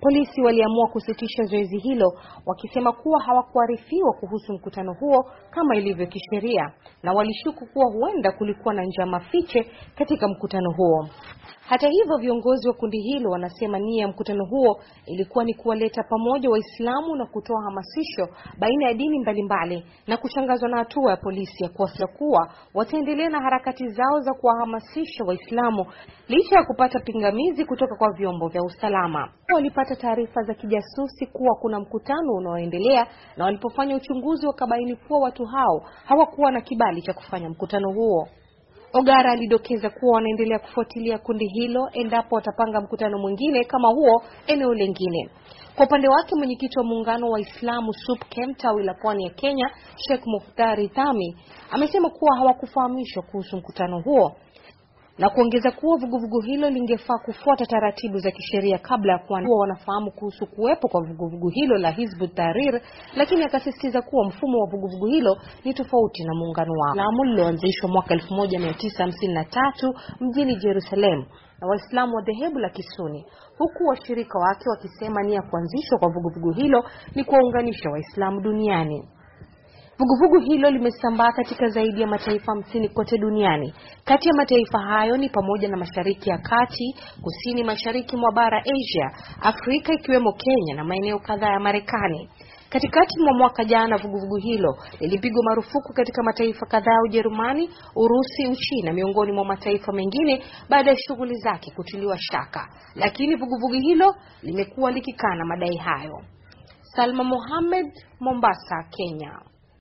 Polisi waliamua kusitisha zoezi hilo wakisema kuwa hawakuarifiwa kuhusu mkutano huo kama ilivyo kisheria na walishuku kuwa huenda kulikuwa na njama fiche katika mkutano huo. Hata hivyo, viongozi wa kundi hilo wanasema nia ya mkutano huo ilikuwa ni kuwaleta pamoja Waislamu na kutoa hamasisho baina ya dini mbalimbali, na kushangazwa na hatua ya polisi ya kuafia kuwa wataendelea na harakati zao za kuwahamasisha Waislamu licha ya kupata pingamizi kutoka kwa vyombo vya usalama. Walipata taarifa za kijasusi kuwa kuna mkutano unaoendelea, na walipofanya uchunguzi wakabaini kuwa watu hao hawakuwa na kibali cha kufanya mkutano huo. Ogara alidokeza kuwa wanaendelea kufuatilia kundi hilo endapo watapanga mkutano mwingine kama huo eneo lingine. Kwa upande wake, mwenyekiti wa muungano wa Islamu SUPKEM tawi la pwani ya Kenya, Sheikh Muhtari Thami amesema kuwa hawakufahamishwa kuhusu mkutano huo na kuongeza kuwa vuguvugu hilo lingefaa kufuata taratibu za kisheria kabla ya kuwa wanafahamu kuhusu kuwepo kwa vuguvugu hilo la Hizbu Tahrir, lakini akasisitiza kuwa mfumo wa vuguvugu hilo ni tofauti na muungano wao. Lamu lililoanzishwa mwaka 1953 mjini Jerusalem na Waislamu wa dhehebu la Kisuni, huku washirika wake wakisema nia ya kuanzishwa kwa vuguvugu hilo ni kuwaunganisha Waislamu duniani. Vuguvugu hilo limesambaa katika zaidi ya mataifa hamsini kote duniani. Kati ya mataifa hayo ni pamoja na Mashariki ya Kati, Kusini Mashariki mwa bara Asia, Afrika ikiwemo Kenya na maeneo kadhaa ya Marekani. Katikati mwa mwaka jana vuguvugu hilo lilipigwa marufuku katika mataifa kadhaa ya Ujerumani, Urusi, Uchina miongoni mwa mataifa mengine baada ya shughuli zake kutiliwa shaka. Lakini vuguvugu hilo limekuwa likikana madai hayo. Salma Mohamed, Mombasa, Kenya.